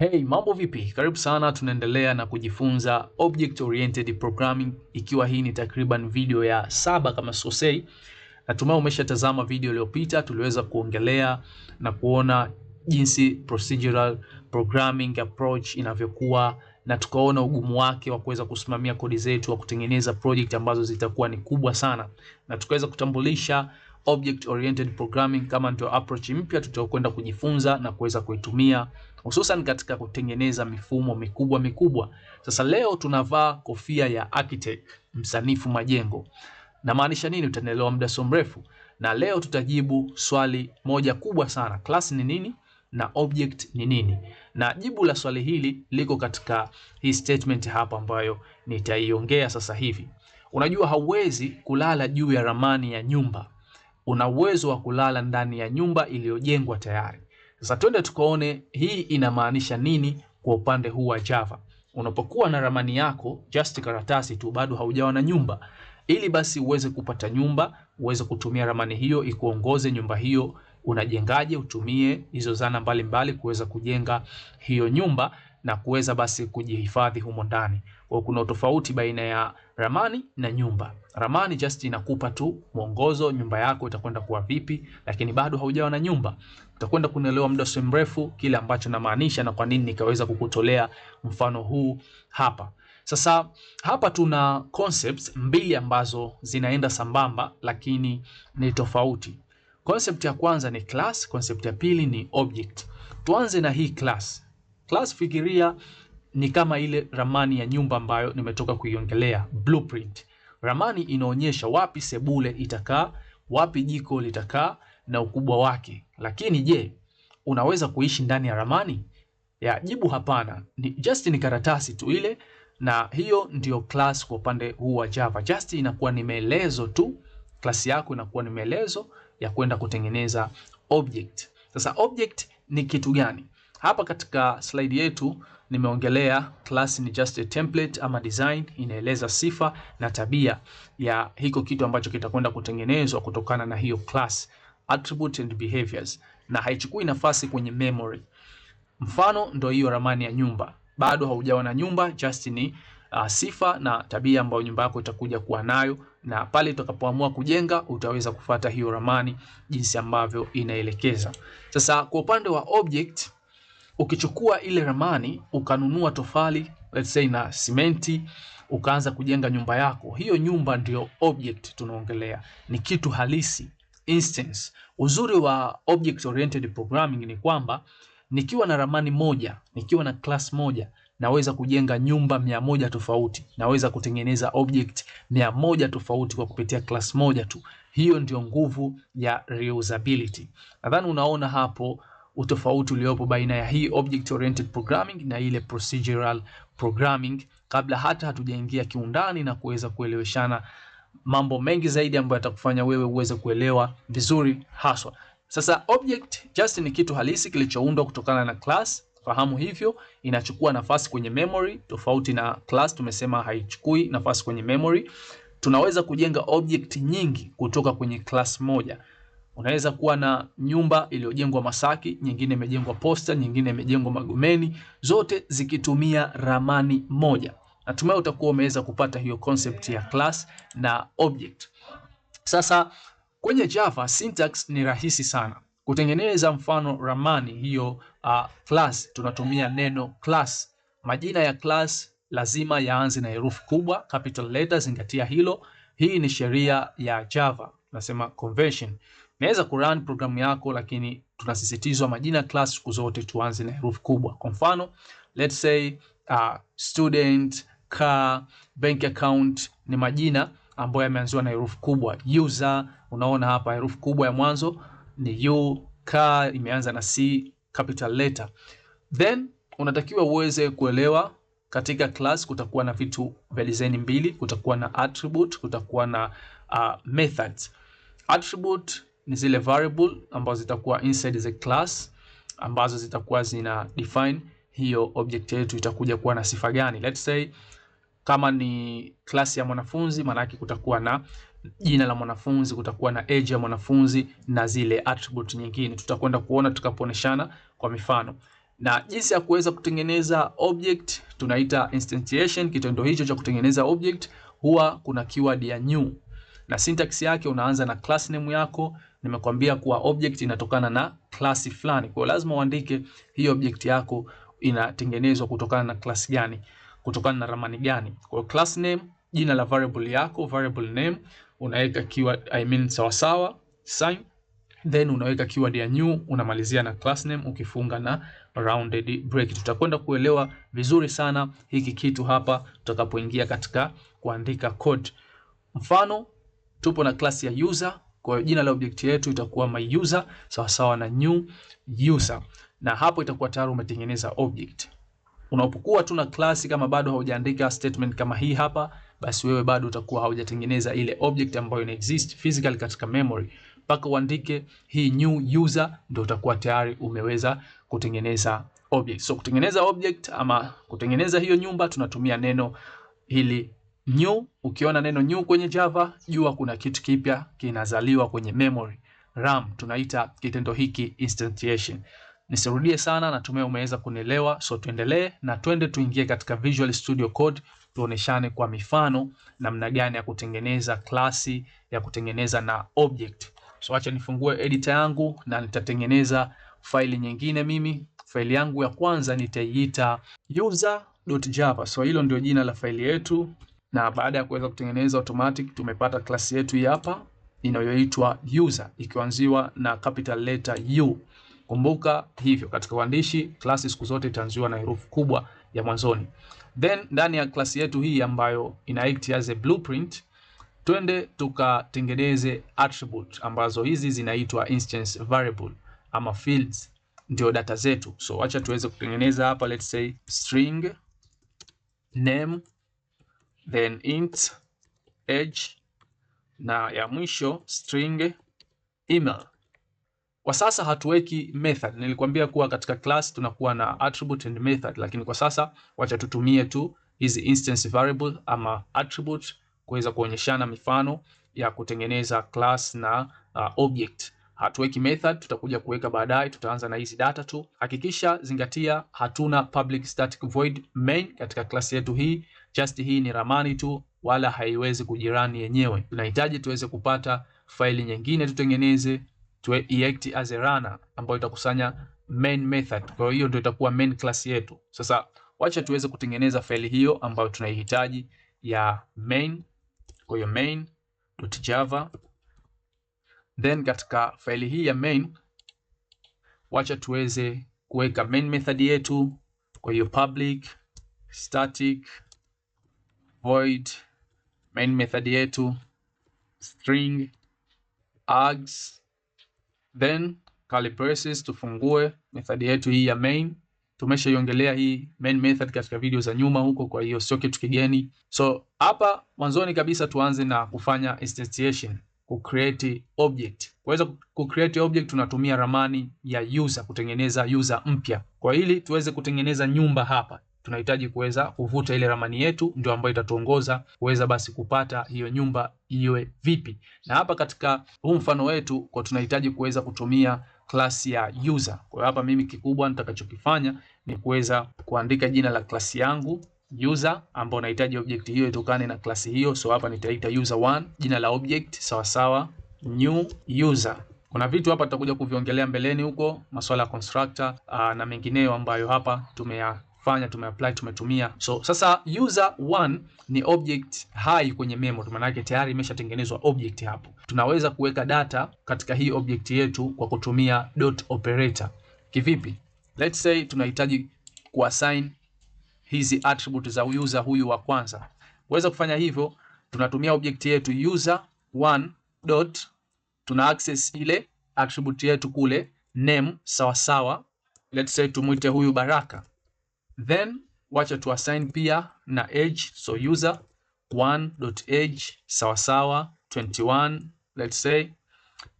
Hey, mambo vipi? Karibu sana, tunaendelea na kujifunza object oriented programming, ikiwa hii ni takriban video ya saba kama sosei. Natumai umeshatazama video iliyopita, tuliweza kuongelea na kuona jinsi procedural programming approach inavyokuwa na tukaona ugumu wake wa kuweza kusimamia kodi zetu, wa kutengeneza project ambazo zitakuwa ni kubwa sana, na tukaweza kutambulisha object oriented programming kama ndio approach mpya tutakwenda kujifunza na kuweza kuitumia hususan katika kutengeneza mifumo mikubwa mikubwa. Sasa leo tunavaa kofia ya architect, msanifu majengo. Namaanisha nini? Utanielewa muda so mrefu. Na leo tutajibu swali moja kubwa sana, class ni nini na object ni nini? Na jibu la swali hili liko katika hii statement hapa ambayo nitaiongea sasa hivi. Unajua, hauwezi kulala juu ya ramani ya nyumba una uwezo wa kulala ndani ya nyumba iliyojengwa tayari. Sasa twende tukaone hii inamaanisha nini kwa upande huu wa Java. Unapokuwa na ramani yako just karatasi tu, bado haujawa na nyumba. Ili basi uweze kupata nyumba, uweze kutumia ramani hiyo ikuongoze nyumba hiyo unajengaje, utumie hizo zana mbalimbali kuweza kujenga hiyo nyumba na kuweza basi kujihifadhi humo ndani. Kwa kuna tofauti baina ya ramani na nyumba. Ramani just inakupa tu mwongozo, nyumba yako itakwenda kuwa vipi, lakini bado haujawa na nyumba. Utakwenda kunielewa muda si mrefu kile ambacho namaanisha na kwa nini nikaweza kukutolea mfano huu hapa. Sasa hapa tuna concepts mbili ambazo zinaenda sambamba lakini ni tofauti. Concept ya kwanza ni class, concept ya pili ni object. Tuanze na hii class. Class, fikiria ni kama ile ramani ya nyumba ambayo nimetoka kuiongelea blueprint. Ramani inaonyesha wapi sebule itakaa, wapi jiko litakaa na ukubwa wake. Lakini je, unaweza kuishi ndani ya ramani? Ya jibu hapana. Ni just ni karatasi tu ile na hiyo ndiyo class kwa upande huu wa Java. Just inakuwa ni maelezo tu, class yako inakuwa ni maelezo ya kwenda kutengeneza object. Sasa object ni kitu gani? Hapa katika slide yetu nimeongelea class ni just a template ama design, inaeleza sifa na tabia ya hiko kitu ambacho kitakwenda kutengenezwa kutokana na hiyo class, attribute and behaviors, na haichukui nafasi kwenye memory. Mfano ndio hiyo ramani ya nyumba, bado haujawa na nyumba, just ni uh, sifa na tabia ambayo nyumba yako itakuja kuwa nayo, na pale utakapoamua kujenga utaweza kufata hiyo ramani jinsi ambavyo inaelekeza. Sasa kwa upande wa object ukichukua ile ramani ukanunua tofali let's say na simenti ukaanza kujenga nyumba yako, hiyo nyumba ndio object tunaongelea, ni kitu halisi instance. Uzuri wa object oriented programming ni kwamba nikiwa na ramani moja, nikiwa na class moja naweza kujenga nyumba mia moja tofauti, naweza kutengeneza object mia moja tofauti kwa kupitia class moja tu. Hiyo ndio nguvu ya reusability. Nadhani unaona hapo utofauti uliopo baina ya hii object oriented programming na ile procedural programming, kabla hata hatujaingia kiundani na kuweza kueleweshana mambo mengi zaidi ambayo yatakufanya wewe uweze kuelewa vizuri haswa. Sasa object just ni kitu halisi kilichoundwa kutokana na class fahamu hivyo, inachukua nafasi kwenye memory, tofauti na class tumesema haichukui nafasi kwenye memory. Tunaweza kujenga object nyingi kutoka kwenye class moja. Unaweza kuwa na nyumba iliyojengwa Masaki, nyingine imejengwa Posta, nyingine imejengwa Magomeni, zote zikitumia ramani moja. Natumai utakuwa umeweza kupata hiyo concept ya class na object. Sasa kwenye Java syntax ni rahisi sana kutengeneza mfano ramani hiyo. Uh, class tunatumia neno class. Majina ya class lazima yaanze na herufi kubwa capital letter, zingatia hilo. Hii ni sheria ya Java, nasema convention. Naweza kurun programu yako, lakini tunasisitizwa majina class siku zote tuanze na herufi kubwa. Kwa mfano let's say uh, student, car, bank account ni majina ambayo yameanziwa na herufi kubwa. User, unaona hapa herufi kubwa ya mwanzo ni U, car imeanza na C capital letter. Then unatakiwa uweze kuelewa katika class kutakuwa na vitu vya design mbili, kutakuwa na attribute, kutakuwa na uh, methods. Attribute ni zile variable ambazo zitakuwa inside the class ambazo zitakuwa zina define hiyo object yetu itakuja kuwa na sifa gani. Let's say kama ni class ya mwanafunzi, maana yake kutakuwa na jina la mwanafunzi, kutakuwa na age ya mwanafunzi na zile attribute nyingine, tutakwenda kuona tukaponeshana kwa mifano. Na jinsi ya kuweza kutengeneza object tunaita instantiation. Kitendo hicho cha kutengeneza object huwa kuna keyword ya new, na syntax yake unaanza na class name yako nimekwambia kuwa object inatokana na klasi fulani, kwa lazima uandike hiyo object yako inatengenezwa kutokana na klasi gani, kutokana na ramani gani. Kwa class name, jina la variable yako, variable name unaweka keyword I mean sawa sawa, sign then unaweka keyword ya new unamalizia na class name ukifunga na rounded break. Tutakwenda kuelewa vizuri sana hiki kitu hapa tutakapoingia katika kuandika code. Mfano tupo na class ya user kwa hiyo jina la object yetu itakuwa my user sawa sawa na new user, na hapo itakuwa tayari umetengeneza object. Unapokuwa tuna class kama bado haujaandika statement kama hii hapa, basi wewe bado utakuwa haujatengeneza ile object ambayo ina exist physical katika memory, mpaka uandike hii new user, ndio utakuwa tayari umeweza kutengeneza object. So kutengeneza object ama kutengeneza hiyo nyumba tunatumia neno hili new. Ukiona neno new kwenye Java, jua kuna kitu kipya kinazaliwa kwenye memory RAM. Tunaita kitendo hiki instantiation. Nisirudie sana, natumai umeweza kunielewa. So tuendelee na twende tuingie katika Visual Studio Code, tuoneshane kwa mifano namna gani ya kutengeneza klasi ya kutengeneza na object. So acha nifungue editor yangu na nitatengeneza faili nyingine. Mimi faili yangu ya kwanza nitaiita user.java. So hilo ndio jina la faili yetu, na baada ya kuweza kutengeneza automatic tumepata klasi yetu hii hapa inayoitwa user ikianziwa na capital letter U. Kumbuka hivyo katika uandishi klasi siku zote itaanziwa na herufi kubwa ya mwanzoni. Then ndani ya klasi yetu hii ambayo ina act as a blueprint, twende tukatengeneze attribute ambazo hizi zinaitwa instance variable ama fields, ndio data zetu. So acha tuweze kutengeneza hapa, let's say string name then int age na ya mwisho string email. Kwa sasa hatuweki method. Nilikwambia kuwa katika class tunakuwa na attribute and method, lakini kwa sasa wacha tutumie tu hizi instance variable ama attribute kuweza kuonyeshana mifano ya kutengeneza class na uh, object. Hatuweki method, tutakuja kuweka baadaye. Tutaanza na hizi data tu. Hakikisha zingatia, hatuna public static void main katika klasi yetu hii, Just hii ni ramani tu, wala haiwezi kujirani yenyewe. Tunahitaji tuweze kupata faili nyingine tutengeneze, tuwe eact as a runner ambayo itakusanya main method. Kwa hiyo ndio itakuwa main class yetu. Sasa wacha tuweze kutengeneza faili hiyo ambayo tunaihitaji ya main. Kwa hiyo main.java, then katika faili hii ya main wacha tuweze kuweka main method yetu. Kwa hiyo public static void main method yetu string args, then curly braces, tufungue method yetu hii ya main. Tumeshaiongelea hii main method katika video za nyuma huko, kwa hiyo sio kitu kigeni. So hapa mwanzoni kabisa tuanze na kufanya instantiation, ku create object. Kuweza ku create object tunatumia ramani ya user kutengeneza user mpya. Kwa hili tuweze kutengeneza nyumba hapa tunahitaji kuweza kuvuta ile ramani yetu, ndio ambayo itatuongoza kuweza basi kupata hiyo nyumba iwe vipi. Na hapa katika huu mfano wetu, kwa tunahitaji kuweza kutumia klasi ya user. Kwa hiyo hapa mimi kikubwa nitakachokifanya ni kuweza kuandika jina la klasi yangu user ambao nahitaji object hiyo itokane na klasi hiyo. So hapa nitaita user1, jina la object sawa sawa new user. Kuna vitu hapa tutakuja kuviongelea mbeleni huko, masuala ya constructor na mengineyo ambayo hapa tumeya tumefanya tumeapply, tumetumia. So sasa user one ni object hai kwenye memory, maana yake tayari imeshatengenezwa object hapo. Tunaweza kuweka data katika hii object yetu kwa kutumia dot operator. Kivipi? Let's say tunahitaji kuassign hizi attribute za user huyu wa kwanza. Kuweza kufanya hivyo, tunatumia object yetu user one dot, tuna access ile attribute yetu kule name sawa sawa, let's say tumuite huyu Baraka. Then wacha tu assign pia na age, so user 1.age sawa sawa 21 let's say,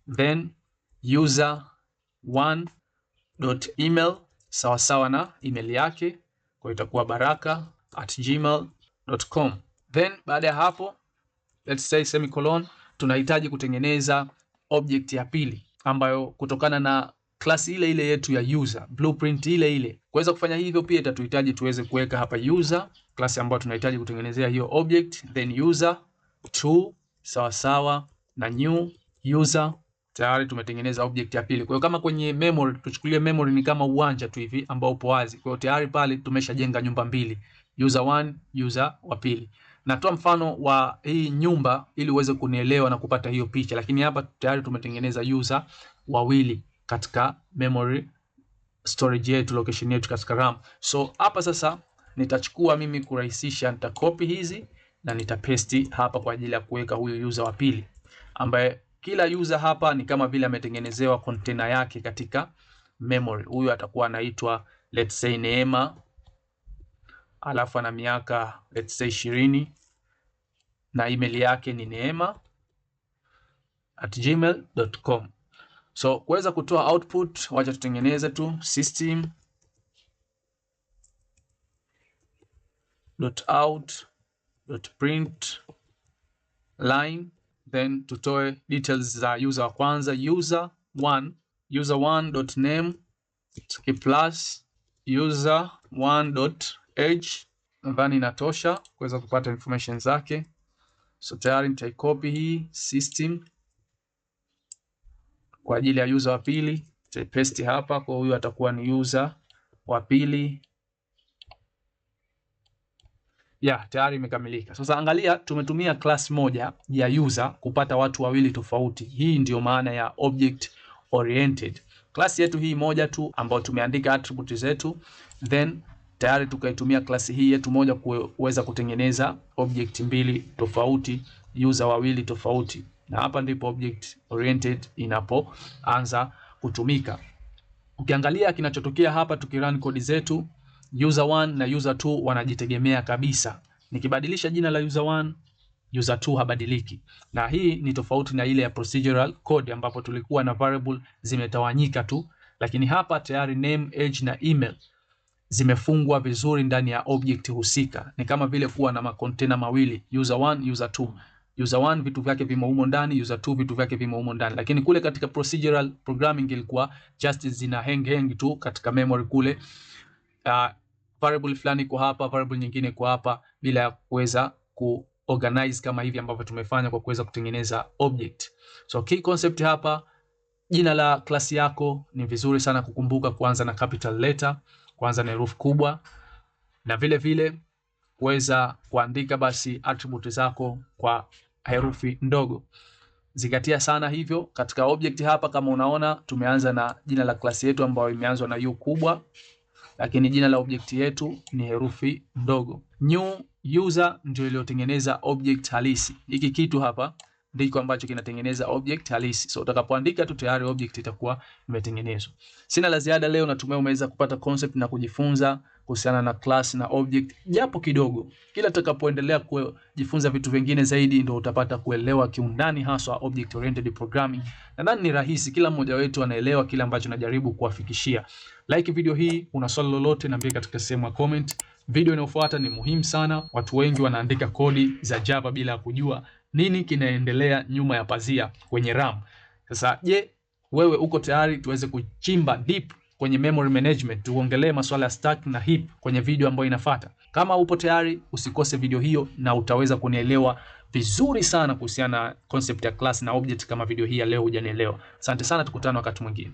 then user 1.email sawa sawa na email yake, kwa itakuwa baraka at gmail.com. Then baada ya hapo let's say semicolon, tunahitaji kutengeneza object ya pili ambayo kutokana na klasi ile ile yetu ya user, blueprint ile ile. Kuweza kufanya hivyo pia itatuhitaji tuweze kuweka hapa user, klasi ambayo tunahitaji kutengenezea hiyo object, then user true sawa sawa na new user tayari tumetengeneza object ya pili. Kwa hiyo kama kwenye memory, tuchukulie memory ni kama uwanja tu hivi ambao upo wazi. Kwa hiyo tayari pale tumeshajenga nyumba mbili, user one, user wa pili. Natoa mfano wa hii nyumba ili uweze kunielewa na kupata hiyo picha, lakini hapa tayari tumetengeneza user wawili katika memory storage yetu, location yetu katika RAM. So hapa sasa nitachukua mimi kurahisisha, nitakopi hizi na nitapesti hapa kwa ajili ya kuweka huyo user wa pili, ambaye kila user hapa ni kama vile ametengenezewa container yake katika memory. Huyu atakuwa anaitwa let's say Neema, alafu ana miaka let's say ishirini na email yake ni neema at gmail.com. So kuweza kutoa output, wacha tutengeneze tu system dot out dot print line, then tutoe details za user wa kwanza, user 1 user 1 dot name plus user 1 dot age. Nadhani inatosha kuweza kupata information zake, so tayari nitaikopi hii system kwa ajili ya user wa pili tutapaste hapa, kwa huyu atakuwa ni user wa pili. Ya, tayari imekamilika. Sasa angalia, tumetumia class moja ya user kupata watu wawili tofauti. Hii ndiyo maana ya object oriented. Class yetu hii moja tu ambayo tumeandika attribute zetu then tayari tukaitumia klasi hii yetu moja kuweza kutengeneza object mbili tofauti, user wawili tofauti na hapa ndipo object oriented inapoanza kutumika. Ukiangalia kinachotokea hapa, tukirun kodi zetu, user 1 na user 2 wanajitegemea kabisa. Nikibadilisha jina la user 1 user 2 habadiliki, na hii ni tofauti na ile ya procedural code ambapo tulikuwa na variable zimetawanyika tu, lakini hapa tayari name, age na email zimefungwa vizuri ndani ya object husika. Ni kama vile kuwa na makontena mawili user 1, user 2 user 1 vitu vyake vimo humo ndani, user 2 vitu vyake vimo humo ndani. Lakini kule katika procedural programming ilikuwa just zina hang hang tu katika memory kule, uh, variable fulani kwa hapa, variable nyingine kwa hapa, bila ya kuweza ku organize kama hivi ambavyo tumefanya kwa kuweza kutengeneza object. So key concept hapa, jina la klasi yako ni vizuri sana kukumbuka kuanza na capital letter, kuanza na herufi kubwa na vile vile kuweza kuandika basi attribute zako kwa herufi ndogo. Zingatia sana hivyo katika object hapa. Kama unaona tumeanza na jina la klasi yetu ambayo imeanzwa na u kubwa, lakini jina la object yetu ni herufi ndogo. New user ndio iliyotengeneza object halisi. Hiki kitu hapa ndiko ambacho kinatengeneza object halisi. So utakapoandika tu tayari object itakuwa imetengenezwa. Sina la ziada leo, natumai umeweza kupata concept na kujifunza kuhusiana na class na object japo kidogo, Kila utakapoendelea kujifunza vitu vingine zaidi ndio utapata kuelewa kiundani haswa object oriented programming. Nadhani ni rahisi, kila mmoja wetu anaelewa kile ambacho najaribu kuwafikishia. Like video hii, una swali lolote niambie katika sehemu ya comment. Video inayofuata ni muhimu sana. Watu wengi wanaandika kodi za Java bila kujua nini kinaendelea nyuma ya pazia kwenye RAM. Sasa je, wewe uko tayari tuweze kuchimba deep kwenye memory management, tuongelee masuala ya stack na heap kwenye video ambayo inafuata. Kama upo tayari, usikose video hiyo na utaweza kunielewa vizuri sana kuhusiana na concept ya class na object kama video hii ya leo hujanielewa. Asante sana, tukutane wakati mwingine.